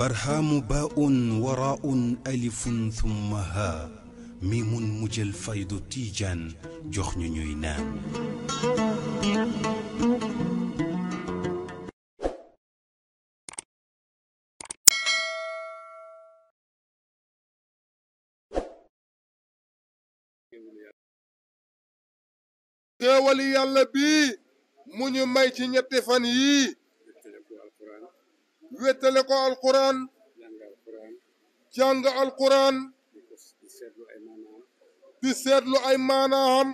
برهام باء وراء ألف ثم هاء ميم مجلفيد تيجان جخن نينام يا ولي الله بي مونيو ماي تي نيتي wéttale ko alquran jàng alquran di seetlu ay maanaam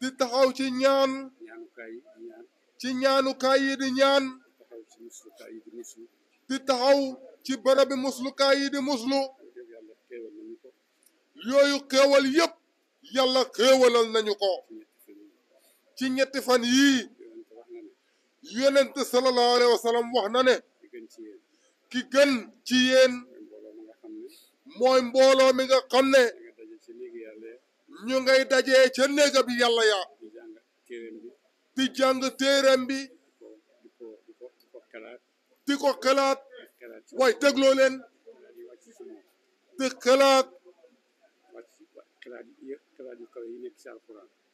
di taxaw ci ñaan ci ñaanukaay yi di ñaan di taxaw ci barabi muslukaay yi di muslu yooyu kéwal yépp yàlla xéewalal nañu ko ci ñetti fan yii yonent sallallahu alayhi wa sallam wax na ne ki gën ci yéen mooy mbooloo mi nga xam ne ñu ngay dajee ca néega bi yàlla ya di jàng téereem bi di ko xalaat waaye dégloo leen di xalaat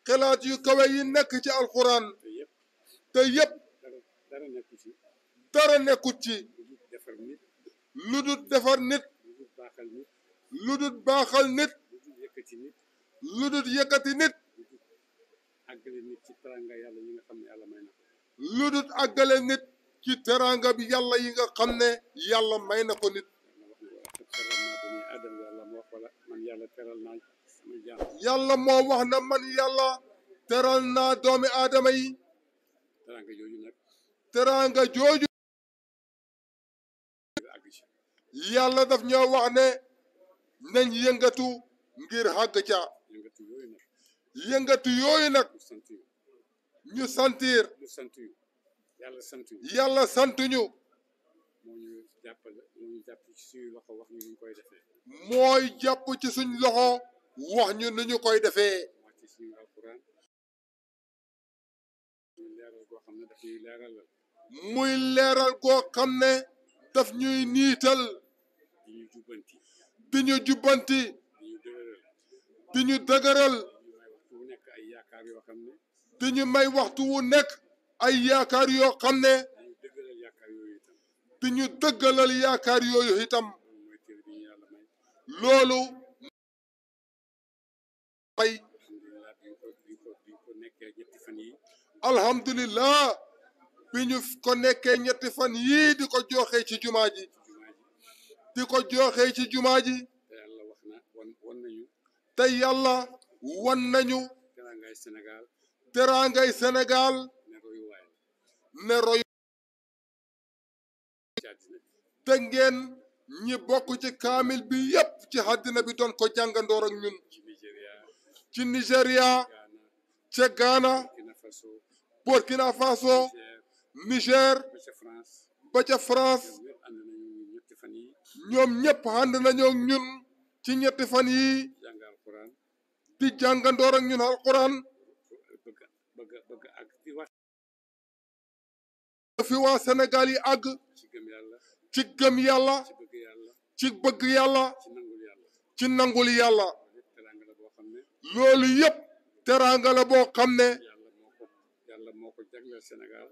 xalaat yu kawe yi nekk ci alxuraan te yëpp dara nekku ci. dara nekku ci. defar nit. lu dul nit. lu dul nit. lu dul nit. ci teraanga bi yàlla yi nga yàlla may na ko nit. yàlla wax na man yàlla teral doomi teraanga jooju yàlla daf ñoo wax ne nañ yëngatu ngir àgg ca yëngatu yooyu nag ñu sentir yàlla sant ñu mooy jàpp ci suñ loxo wax ñu nu ñu koy defee muy leral goo xamne daf ñuy nital di ñu jubbanti di ñu dëgëral di ñu may waxtu wu nekk ay yaakaar yoo xam ne di ñu dëggalal yaakaar yooyu itam loolu may alhamdulillah bi ñu ko nekkee ñetti fan yii di ko joxe ci jumaa ji di ko joxe ci jumaa ji te yàlla wan nañu teraangay Sénégal ne roy te ngeen ñi bokk ci kaamil bi yépp ci àddina bi doon ko jàngandoor ñun ci Nigéria ca Ghana Burkina Faso Niger ba ca France ñoom and ànd nañoo ñun ci ñetti fan yi di jangandor ak ñun alquran fi wa senegal yi ag ci gem yalla ci bëgg yalla ci nangul yalla lolu yep teranga la bo xamne jagleel Sénégal.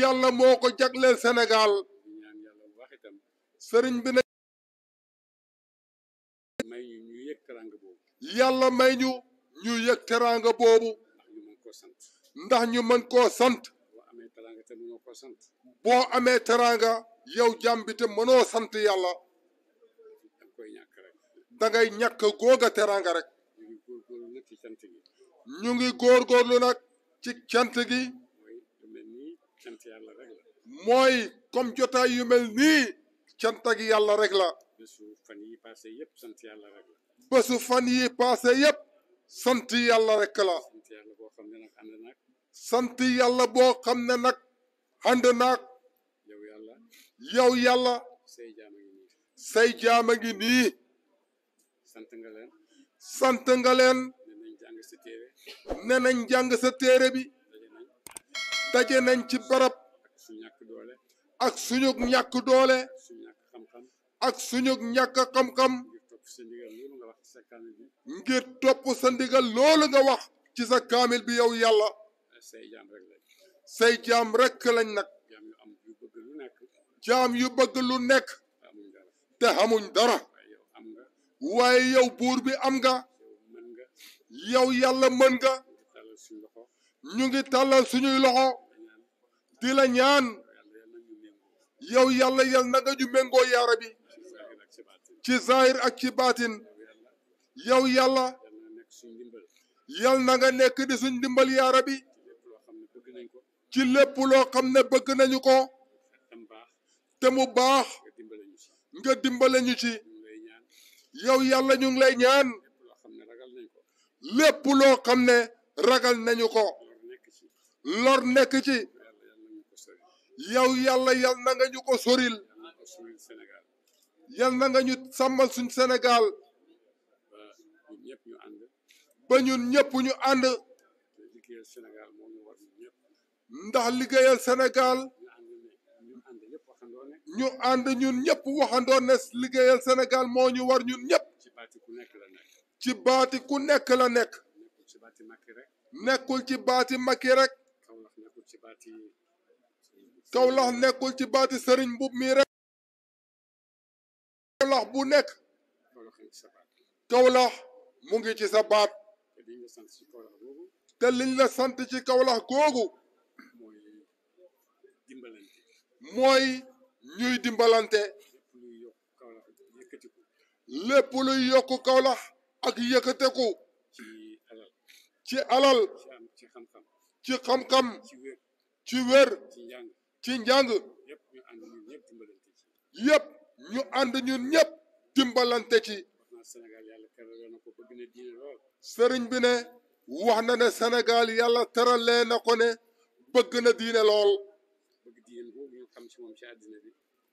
yàlla moo ko jagleel Sénégal. sëriñ bi ne. may ñu ñu yëg teraanga boobu. yàlla may ñu ñu yëg teraanga boobu. ndax ñu mën koo sant. boo amee teraanga yow jàmbi te mënoo sant yàlla. dangay ñàkk googa teraanga rek. ñu ngi góorgóorlu nag ci cant gi. ñu ngi góorgóorlu nag ci cant gi. cant yàlla rek la. mooy comme jotaay yu mel nii cant ak yàlla rek la. bésu fan yi passé yëpp sant yàlla rek la. bésu fan yi passé yëpp sant yàlla rek la. sant yàlla boo xam ne ànd naag. sant yàlla boo xam ne nag ànd yow yàlla. yow yàlla. say jaam a ngi nii. sant nga leen. sant nga leen. nee sa téere. bi. daje nañ ci barab ak suñu ñàkk doole ak suñu ñàkk xam-xam ngir topp sa ndigal loolu nga wax ci sa kaamil bi yow yàlla say jaam rekk lañ nag jaam yu bëgg lu nekk te xamuñ dara waaye yow buur bi am nga yow yàlla mën nga ñu ngi tàllal suñuy loxo di la ñaan yow yàlla yal na nga ñu méngoo yaara bi ci zahir ak ci baatin yow yàlla yal na nga nekk di suñ dimbal yaara bi ci lépp loo xam ne bëgg nañu ko te mu baax nga dimbale ñu ci yow yàlla ñu ngi lay ñaan lépp loo xam ne ragal nañu ko lor nekk ci yow yàlla yal na nga ñu ko soril yal na nga ñu sàmmal suñ Sénégal ba ñun ñëpp ñu ànd ndax liggéeyal Sénégal ñu ànd ñun ñëpp waxandoo liggéeyal senegal moo ñu war ñun ñëpp ci baati ku nekk la nekk nekkul ci baati Macky rek Kawlax nekkul ci baati sëriñ mbub mi rek Kawlax bu nekk Kawlax mu ngi ci sa baat te liñ la sant ci Kawlax googu mooy ñuy dimbalante lépp luy yokk Kawlax ak yëkkateku ci alal ci xam-xam ci wér ci njàng yëpp ñu ànd ñun ñëpp dimbalante ci sëriñ bi ne wax na ne Sénégal yàlla teralee na ko ne bëgg na diine lool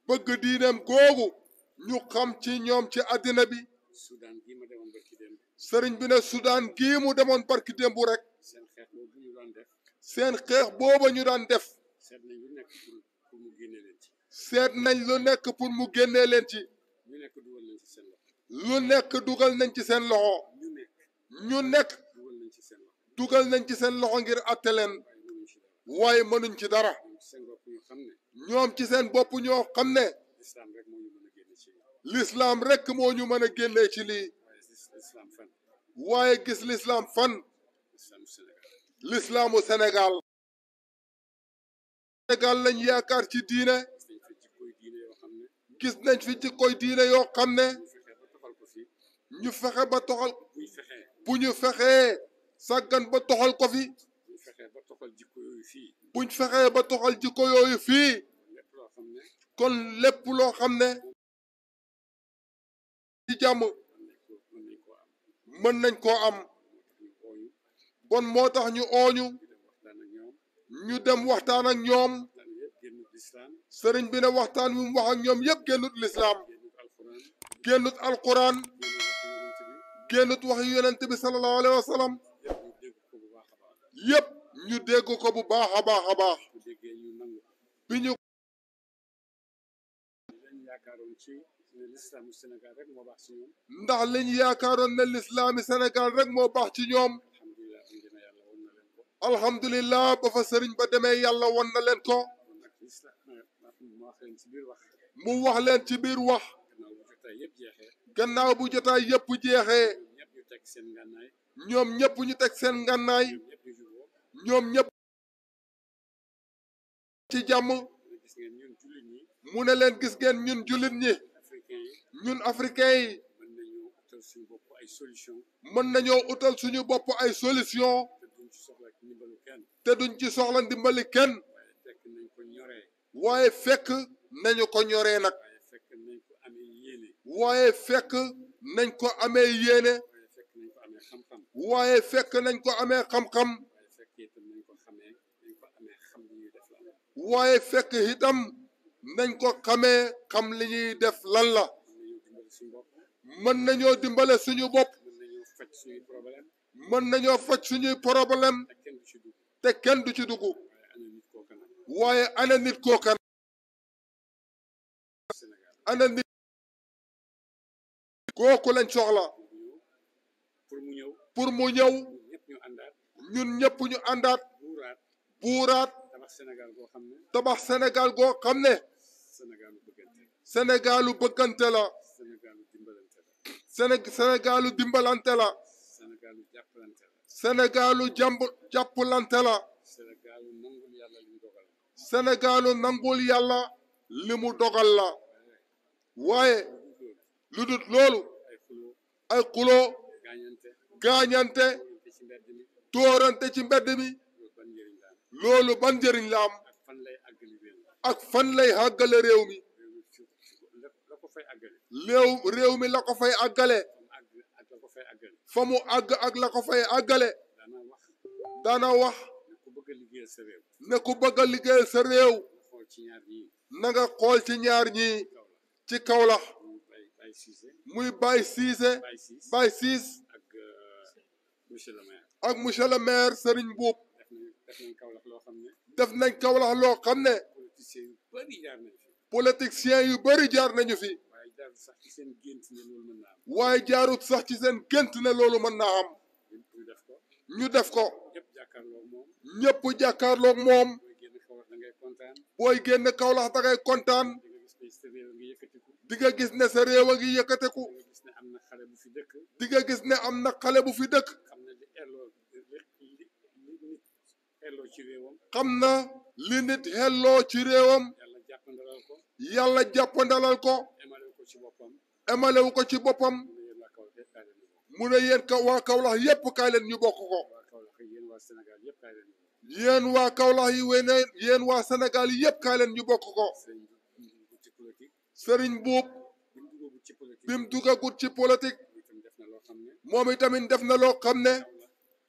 bëgg diineem googu ñu xam ci ñoom ci àddina bi sëriñ bi ne Soudan gii mu demoon barki démb rek doon seen xeex booba ñu daan def. seet nañ lu nekk pour mu génnee leen ci. seet nañ lu nekk pour mu génnee leen ci. lu nekk dugal nañ ci seen loxo. lu nekk dugal nañ ci seen loxo. ñu nekk. ñu dugal nañ ci seen loxo. dugal nañ ci seen loxo ngir atte leen. waaye mënuñ ci dara. ñoom ci seen bopp ñoo xam ne. lislaam rek moo ñu mën a génnee ci lii. waaye gis lislaam fan. l'islam au Sénégal Sénégal lañ yaakaar ci diine gis nañ fi jikkoy diine yoo xam ne ñu fexe ba toxal bu fexee sàggan ba toxal ko fi buñ fexee ba toxal jikko yooyu fii kon lépp loo xam ne ci jàmm mën nañ koo am bon moo tax ñu ooñu ñu dem waxtaan ak ñoom sëriñ bi ne waxtaan wi wax ak ñoom yëpp génnut lislaam génnut alquran génnut wax yu yonent bi sallallahu alayhi yëpp ñu ko bu baax a baax a baax bi ñu ndax liñ yaakaaroon ne lislaami Sénégal rek moo baax ci ñoom alhamdulilah ba fa sëriñ ba demee yàlla won na leen ko mu wax leen ci biir wax gannaaw bu jotaay yëpp jeexee ñoom ñëpp ñu teg seen ngànnaay ñoom ñëpp ci jàmm mu ne leen gis ngeen ñun jullit ñi ñun africain yi mën nañoo utal suñu bopp ay solution te duñ ci soxla dimbali kenn waaye fekk nañu ko ñoree nag waaye fekk nañ ko amee yéene waaye fekk nañ ko amee xam-xam waaye fekk itam nañ ko xamee xam lañuy def lan la mën nañoo dimbale suñu bopp mën nañoo faj suñuy problème te kenn du ci dugg waaye ana nit kooka ana nit kooku lañ soxla mu ñëw pour mu ñëw ñun ñëpp ñu àndaat buuraat tabax Sénégal goo xam ne Sénégalu bëggante la Sénégalu dimbalante la sénégalu jàmb jàppulante la sénégalu nangul yàlla li mu dogal la sénégalu nangul yàlla waaye lu dut loolu ay xuloo gaañante tóorante ci mbedd mi loolu ban njëriñ la am ak fan lay àggale réew mi réew réew mi la fay àggale fa mu àgg ak la ko fay àggale daana wax ne ku bëgg a liggéey sa réew na nga xool ci ñaar ñii ci Kaolack muy Baye Cissé Baye Ciss euh, ak monsieur le maire Serigne Mboup def nañ Kaolack loo xam ne politiciens yu bëri jaar nañu fi waaye jaarut sax ci seen gént ne loolu mën naa am ñu def ko ñëpp jàkkaarloog moom booy génn Kaolack da ngay kontaan di nga gis ne sa réew a ngi yëkkateku di nga gis ne am na xale bu fi dëkk xam na li nit xelloo ci réewam yàlla jàppandalal ko emalewu ko ci boppam mu ne yéen ka waa Kaolack yëpp kaay leen ñu bokk ko yéen waa Kaolack yi wéy na yéen waa Sénégal yëpp kaay leen ñu bokk ko Serigne Buub bi mu dugagut ci politique moom itamit def na loo xam ne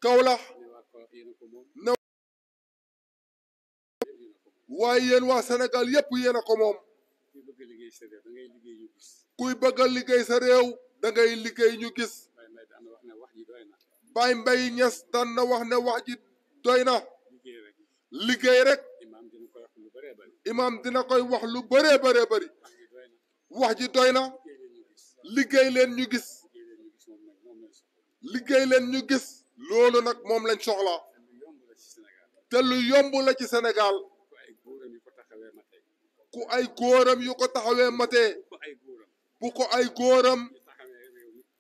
Kaolack ne waaye yéen waa Sénégal yëpp yéen ko moom bëgg liggéey sa ñu gis. kuy bëgg a liggéey sa réew dangay liggéey ñu gis. Baye Mbaye daan na wax ne wax ji doy na. Baye Mbaye Niass daan na wax ne wax ji doy na. liggéey rek. liggéey rek. imaam dina koy wax lu bëree bëri. imaam dina koy wax lu bëree bëree bëri. wax ji doy na. liggéey leen ñu gis. liggéey leen ñu gis. loolu nag moom lañ soxla. te lu yomb la ci senegal ku ay góoram yu ko taxawee matee bu ko ay góoram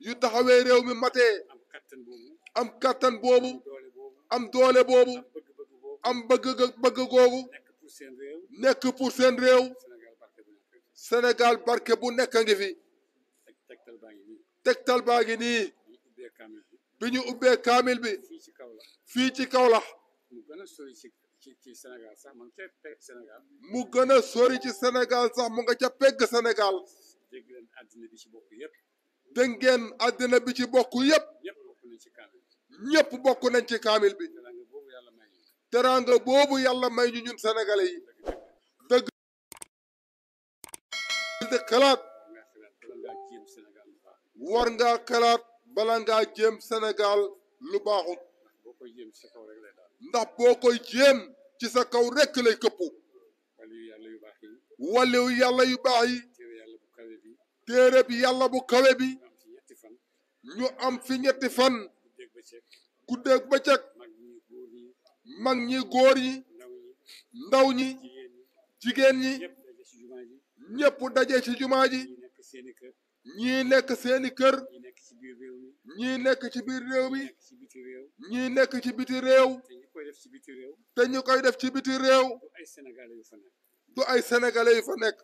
yu taxawee réew mi matee am kattan boobu am doole boobu am bëgg bëgg googu nekk pour seen réew Sénégal barke bu nekk ngi fi tegtal baa ngi nii bi ñu ubbee kaamil bi fii ci Kaolack mu gën a sori ci ci Sénégal sax man ca pegg Sénégal. mu gën a sori ci Sénégal sax mu nga ca pegg Sénégal. dégg ngeen bi ci bokk yëpp. dégg ngeen nañ ci kaamil bi. ñëpp bokk nañ may ñu. ñun sénégalais yi. dëgg de xalaat. war ngaa xalaat bala ngaa jéem Sénégal lu baaxut. ndax boo koy ci sa kaw rekk lay këppu waliw yàlla yu baax yi téere bi yàlla bu kawe bi ñu am fi ñetti fan guddeeg bëccëg mag ñi góor yi ndaw ñi jigéen ñi ñëpp daje ci jumaa ji ñii nekk seeni kër ñii nekk ci biir réew mi nekk ci biti réew def te ñu koy def ci biti réew. du ay sénégalais yu fa nekk. du ay sénégalais yu fa nekk.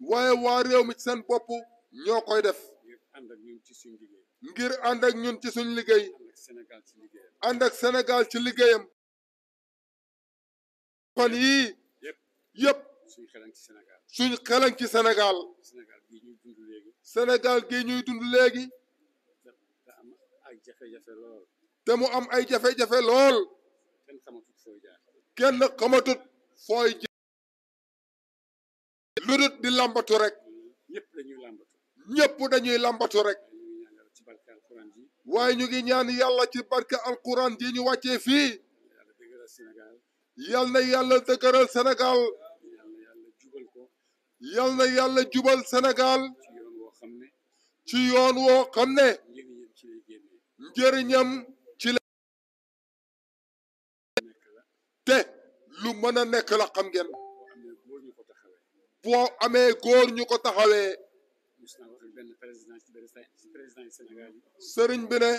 waaye waa réew mi seen bopp ñoo koy def. seen bopp ñoo koy def. ngir ànd ñun ci suñu liggéey. ngir ñun ci suñu liggéey. ànd ak Sénégal ci liggéeyam. ci liggéeyam. kon yii. yëpp yëpp. suñu ci Sénégal. suñu xelan ci Sénégal. Sénégal gii ñuy dund léegi. Sénégal gi ñuy dund léegi. te mu am ay jafe-jafe lool kenn xamatut fooy jaar lu dut di lambatu rek ñëpp dañuy lambatu dañuy lambatu rek waaye ñu ngi ñaan yàlla ci barke alquran ji ñu wàccee fii yal na yàlla dëgëral Sénégal yal yàlla jubal Sénégal ci yoon woo xam ne njëriñam mën a nekk la xam ngeen boo amee góor ñu ko taxawee sëriñ bi ne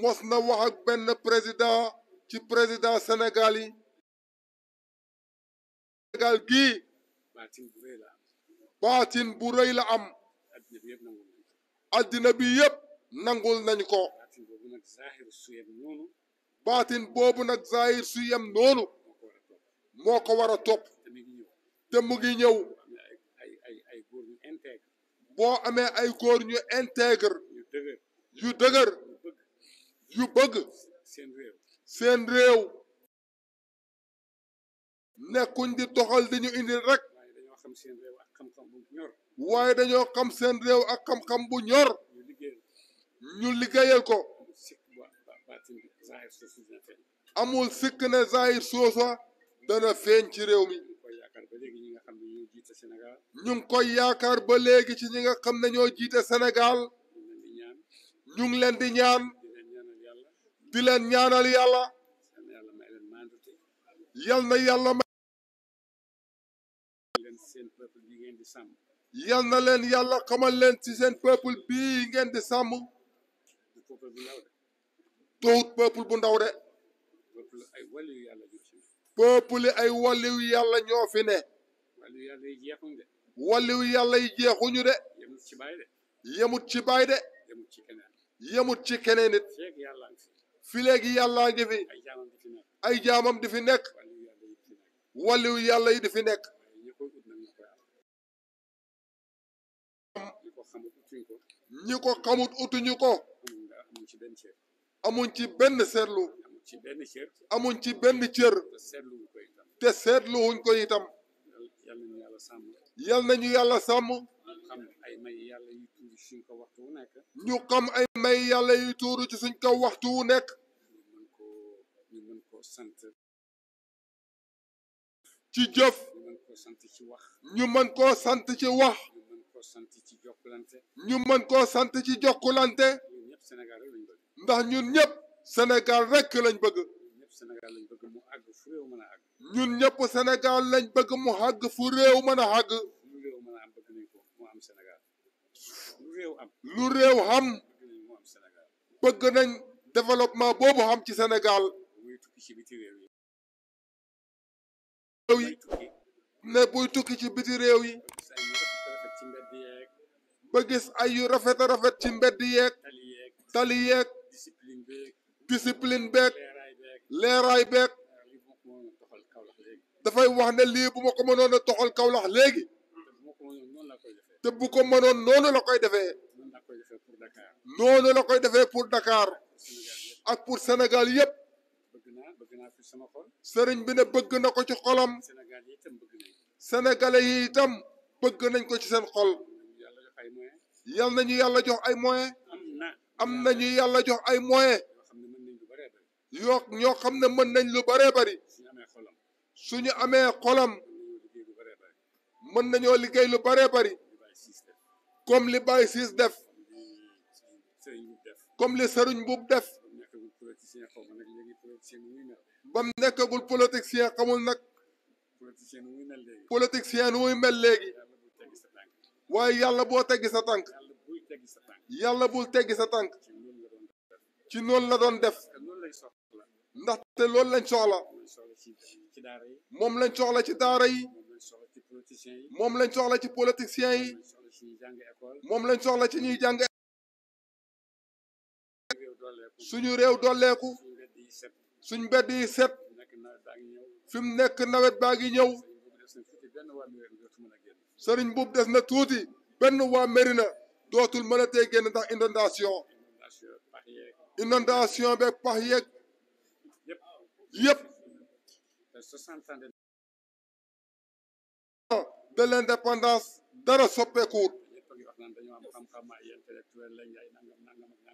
mos na wax ak benn président ci président Sénégal yi Sénégal gii baatin bu rëy la am addina bi yëpp nangul nañ ko baatin boobu nag zahir su yem noonu moo ko war a topp te mu ngi ñëw boo amee ay góor ñu intègre yu dëgër yu bëgg seen réew nekkuñ di doxal di ñu indil rek waaye dañoo xam seen réew ak xam-xam bu ñor ñu liggéeyal ko amul sikk ne zaayir soosa dana feeñ ci réew mi. ñu ngi koy yaakaar ba léegi ci ñi nga xam ne ñoo jiite Sénégal. ñu leen di ñaan. di leen ñaanal yàlla. yal na yàlla may. yal na leen yàlla xamal leen ci seen peuple bii ngeen di sàmm. tuut peuple bu ndaw de. peuple ay wàlliw yàlla ñoo fi ne. wàlliw yàlla yi jeexuñu de. wàlliw ci baay de. yemut ci baay de. yemut ci keneen. yemut ci keneen it. fi léegi yàllaa ngi fi. ay jaamam di fi nekk. wàlliw yàlla yi di fi nekk. ñi ko xamut utuñu ko. amuñ ci benn seetlu. ci benn cër. amuñ ci benn cër. te seetlu wuñ ko itam. te wuñ ko itam. yal nañu yàlla sàmm. yal nañu yàlla sàmm. ñu xam ay may yàlla yu tuuru ci suñ kaw waxtu wu nekk. ñu xam ay may yàlla yu tuuru ci suñ kaw waxtu wu nekk. ñu mën koo ñu ci jëf. ñu mën koo sant ci wax. ñu mën koo sant ci wax. ñu sant ci jokkulante. ñu mën koo sant ci jokkulante. ndax ñun ñëpp. Sénégal rekk lañ bëgg. lañ bëgg ñun ñëpp Sénégal lañ bëgg mu àgg fu réew mën a lu réew mën bëgg nañ développement boobu xam ci Sénégal. muy tukki ne buy tukki ci biti réew yi. ba gis ay yu rafet a rafet ci mbedd yeeg. tali yeeg. discipline beeg leeraay beeg dafay wax ne lii bu ma ko mënoon a toxal kawlax léegi te bu ko mënoon noonu la koy defee noonu la koy defee pour Dakar ak pour Sénégal yëpp sëriñ bi ne bëgg na ko ci xolam sénégalais yi itam bëgg nañ ko ci seen xol yal nañu yàlla jox ay moyen am nañu yàlla jox ay moyen yoo ñoo xam ne mën nañ lu bëree su ñu amee xolam mën nañoo liggéey lu bëree bëri comme li Baye Ciss def comme li Serigne Mboup def bam nekkagul politicien xamul nag politicien nu muy mel léegi waaye yàlla boo teggi sa tànk yàlla bul teggi sa tànk ci noonu la doon def ndaxte loolu lañ soxla moom lañ soxla ci daara yi moom lañ soxla ci politiciens yi moom lañ soxla ci ñuy jàng suñu réew dolleeku suñ mbedd yi set fi mu nekk nawet baa ngi ñëw sëriñ buub des na tuuti benn waa Mérina dootul mën a tee génn ndax inondation inondation beeg pax yeeg yépp de l'indépendance dara soppeekuwut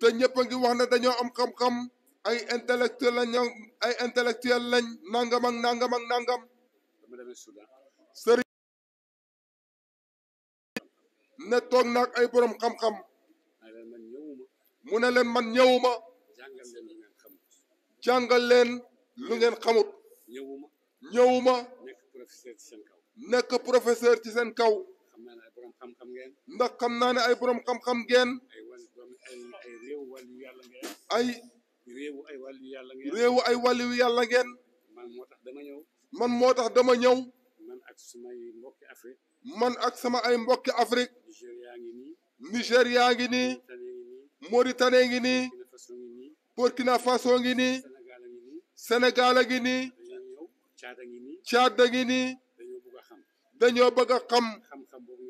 te ñëpp a ngi wax ne dañoo am xam-xam ay intellectuel lañ ay intellectuel lañ nangam ak nangam ak nangam sëriñ ne toog naag ay borom xam-xam mu ne leen man ñëwuma jàngal لونين قمر نيوما نيوما نك بروفيسور تي سان كاو نك بروفيسور تي سان كاو خمنا اي بروم خم خم ген ندك خمنا اي بروم خم خم ген اي ريو والي يالا ген اي ريو اي والي يالا ген ريو اي والي يالا ген من موتاخ داما نيو من موتاخ داما نيو من اك سماي موكي افريك man ak sama ay mbokki afrique niger yaangi Sénégal a ngi nii caada ngi nii dañoo bëgg a xam xam-xam boobu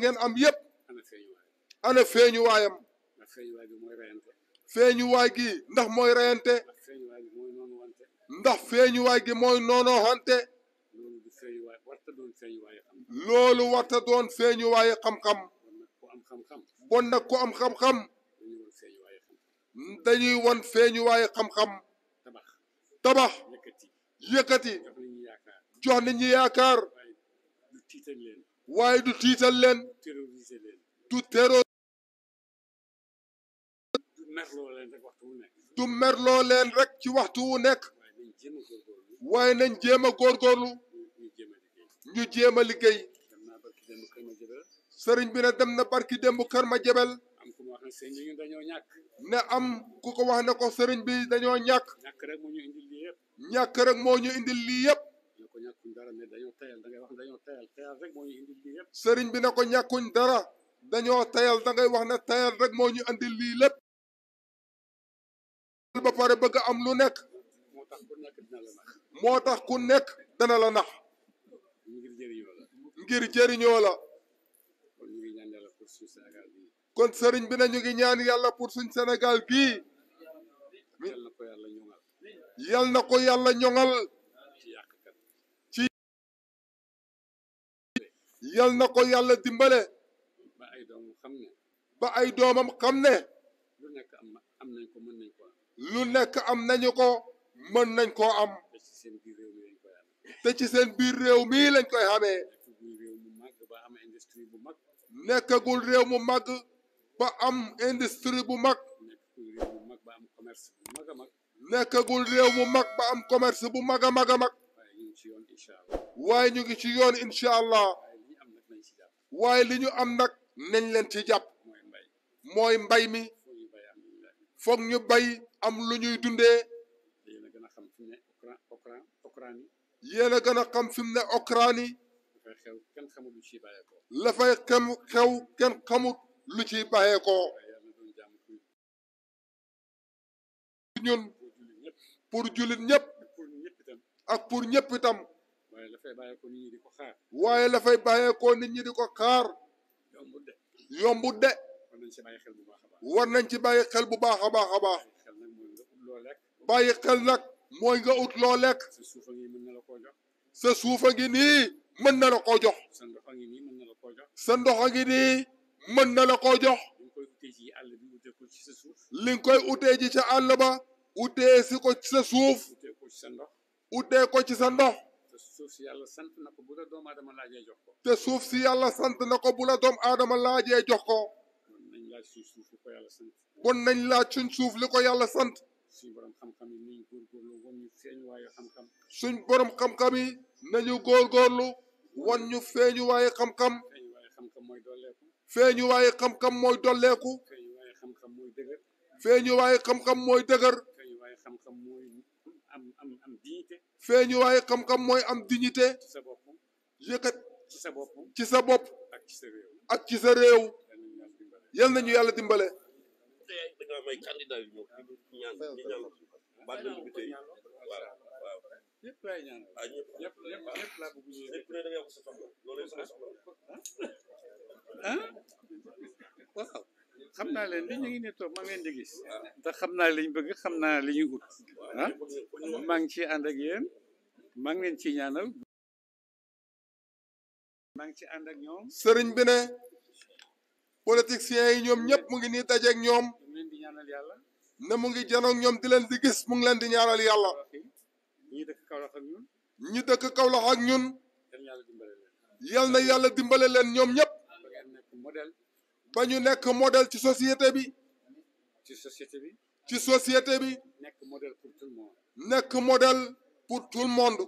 ngeen am yépp ana feeñuwaayam feeñuwaay gi ndax mooy reyante ndax feeñuwaay gi mooy noonoo xante loolu warta doon feeñuwaayu xam-xam bon nag ku am xam-xam dañuy won feeñuwaayu xam-xam tabax yëkkati jox nit ñi yaakaar waaye du tiital leen du terror du merloo leen rek ci waxtu wu nekk waaye nañ jéem a góorgóorlu ñu jéem a liggéey sëriñ bi ne dem na barki démb kër ma jebel ne am ku ko wax ne ko sëriñ bi dañoo ñàkk. ñàkk rek moo ñu indil lii yëpp. ñàkk rek moo ñu indil lii yëpp. ko ñàkkuñ dara mais wax dañoo tayal tayal rek moo sëriñ bi ne ko ñàkkuñ dara dañoo tayal da ngay wax ne tayal rek moo ñu indil lii lépp. ba pare bëgg am lu nekk. moo tax ku nekk dina la nax. moo tax ku nekk dana la nax. kon sëriñ bi nañu ngi ñaan yàlla pour suñ Sénégal gii yal na ko yàlla ñoŋal ci yal na ko yàlla dimbale ba ay doomam xam ne ba ay doomam xam ne lu nekk am nañ ko mën nañ ko nekk am nañu ko mën nañ koo am te ci seen biir réew mii lañ koy xamee nekkagul réew mu màgg ba am industrie bu mag. nekkagul réew bu mag ba am commerce bu mag a mag. nekkagul réew bu mag am commerce bu mag a mag a mag. waaye ñu ngi ci yoon incha allah. waaye ñu ngi ci yoon incha allah. waaye li ñu am nag nañ leen ci jàpp. mooy mbay mi. foog ñu bay am lu ñuy dundee. yéen a gën a xam fi mu ne okraani. yéen a gën a xam fi mu ne okraani. la fay xew kenn xamul lu ci bàyyee ko ñun pour julit ñëpp ak pour ñëpp itam waaye la fay bàyyeekoo nit ko waaye la bàyyeekoo nit ñi di ko xaar yombut de de war nañ ci bàyyi xel bu ba a baax war nañ ci bàyyi xel bu baax a baax a baax bàyyi nag mooy nga ut loo lekk sa suufa ngi mën na la koo jox sa suufa ngi nii mën na la koo jox sa sa ndoxa ngi nii man na la ko jox li nga koy utee ji ca àll ba utee si ko ci sa suuf utee ko ci sa ndox te suuf sant na ko bu la doomu aadama laajee jox ko te suuf si yàlla sant na ko bu la doomu aadama laajee jox ko bon nañ laaj suñ suuf li ko yàlla sant nañ laaj suñ suuf li ko yàlla sant suñ borom xam-xam yi nañu góorgóorlu wan ñu feeñu waaye xam-xam suñ borom xam yi nañu góorgóorlu wan ñu feeñu waaye xam-xam feeñu mooy dooleeku feeñu waaye xam-xam mooy dolleeku. feeñu waaye xam-xam mooy dëgër. feeñu waaye xam-xam mooy dëgër. feeñu waaye xam-xam mooy am am mooy am dignité. sa bopp yëkkat. ci sa bopp ci sa bopp. ak ci sa réew. ak ci sa réew. yal nañu yàlla dimbale. ñëpp laay ñaanal ah, ñëpp ñëpp ñëpp laa bëgg ah waaw xam naa leen li ñu ngi ne maa ngi leen di gis ndax xam naa liñ bëgg xam naa li ñu ut ah maa ngi ciy ànd ak yéen maa ngi leen ciy ñaanal maa ngi ci ànd ak ñoom sëriñ bi ne politiciens yi ñoom ñëpp mu ngi nii dajeeg ñoom ne mu ngi janoog ñoom di leen di gis mu ngi leen di ñaanal yàlla ñi dëkk ak ñun ñi dëkk ak ñun yal na yàlla dimbale leen ñoom ñëpp ba ñu nekk modèle ci société bi. ci société bi. ci société bi. nekk modèle pour tout le monde. nekk modèle pour tout le monde.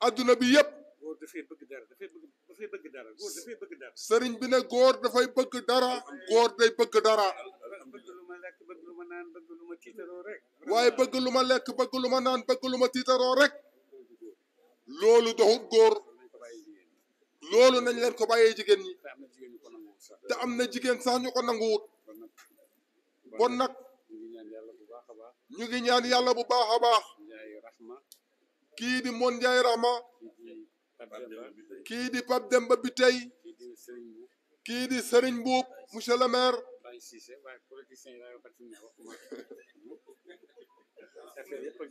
adduna bi yëpp. góor dafay bëgg dara dafay bëgg dara góor dafay sëriñ bi ne góor dafay bëgg dara. góor day bëgg dara. bëgg lu ma lekk bëgg lu ma naan bëgg lu ma tiitaroo waaye bëgg ma lekk bëgg lu ma naan bëgg lu ma tiitaroo rek. loolu doxul góor. loolu nañ leen ko bàyyee jigéen ñi te am na jigéen sax ñu ko nanguwut bon nag ñu ngi ñaan yàlla bu baax a baax kii di Mon Ndiaye Rahma kii di Pape Demba bi tey kii di Serigne Mbuub monsieur le maire affaire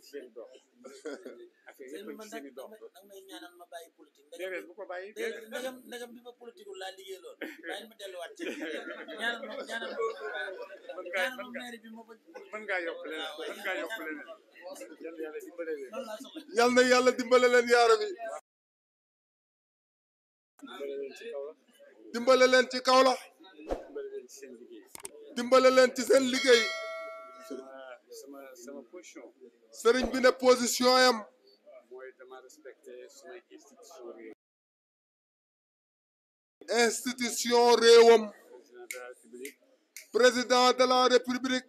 ma bàyyi politique. déedéet bu ko bàyyi déedéet ndegam ndegam bi ma politique laa liggéey lool. bàyyi ma delluwaat ci ñaanal ma ñaanal ma ñaanal ma maire bi ma bëgg. mën ngaa yokk leen mën ngaa yokk leen yàlla na yàlla dimbale leen yaaram yi. dimbale ci kaw la. dimbale leen ci kaw la. dimbale leen ci seen sama position. sëriñ bi ne position yam. mooy dama respecté sumay institution réew. président de la république.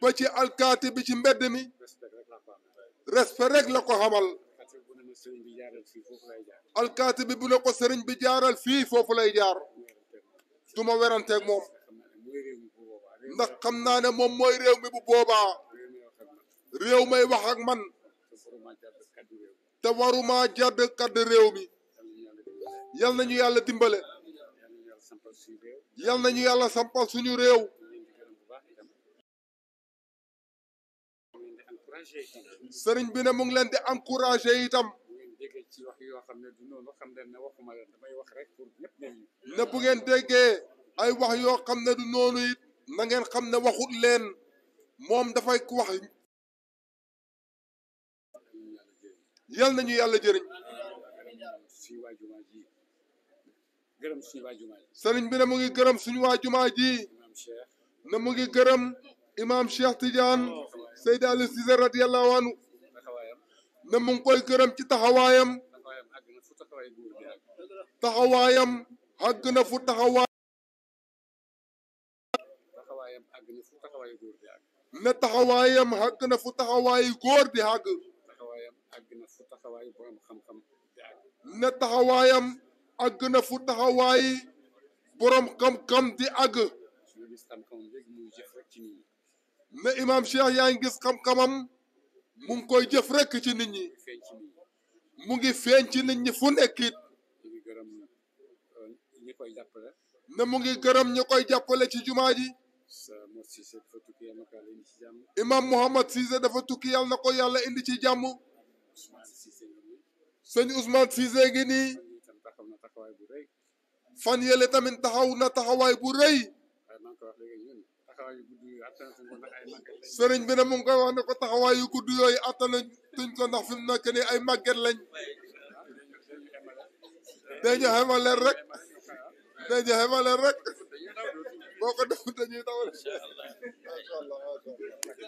ba ci alkaati bi ci mbedd mi. ba la ko xamal. alkaati bi bu ne ko sëriñ bi jaaral fii foofu lay jaar. du ma weranteeg moom. ndax xam naa ne moom mooy réew mi bu boobaa réew may wax ak man te waruma jàdd kàdd réew mi yal ñu yàlla dimbale yal ñu yàlla sampal suñu réew sëriñ bi ne mu ngi leen di encouragé itam ne bu ngeen déggee ay wax yoo xam ne du noonu it na ngeen xam ne waxut leen moom dafay ku wax yal nañu yàlla jëriñ sëriñ bi ne mu ngi gërëm suñu waa jumaa ji ne mu ngi gërëm imaam Cheikh Tidiane Seydi Ali Cissé radiyallahu anhu ne mu ngi koy gërëm ci taxawaayam taxawaayam àgg na fu taxawaay na fu taxawaayu góor di àgg. ne taxawaayam àgg na fu taxawaayu góor di àgg. taxawaayam àgg na fu taxawaayu borom xam-xam di àgg. ne taxawaayam àgg fu taxawaayu borom xam-xam di àgg. ñu gis xam-xamam léegi muy rek ci nit ñi. ne imaam Cheikh yaa ngi gis xam-xamam mu ngi koy jëf rek ci nit ñi. mu ngi feeñ ci nit ñi fu nekk euh, koy jàppale. ne mu ngi gërëm ñu koy jàppale ci jumaa ji. imam Mouhamad Cissé dafa tukki yàlla na ko yàlla indi ci jàmm. sëñ Ousmane Cissé ngi nii. fan yële tamit taxaw na taxawaay bu rëy. sëriñ bi ne mu ngi koy wax ne ko taxawaay yu gudd yooyu attana tuñ ko ndax fi mu nekk nii ay màgget lañ. dañu xamal leen rek dañu xamal leen rek. boo ko def dañuy dawal incha allah macha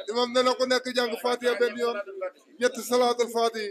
allah imam nee na ku nekk jàng Fatiha benn yoon ñetti salaatul Fatiha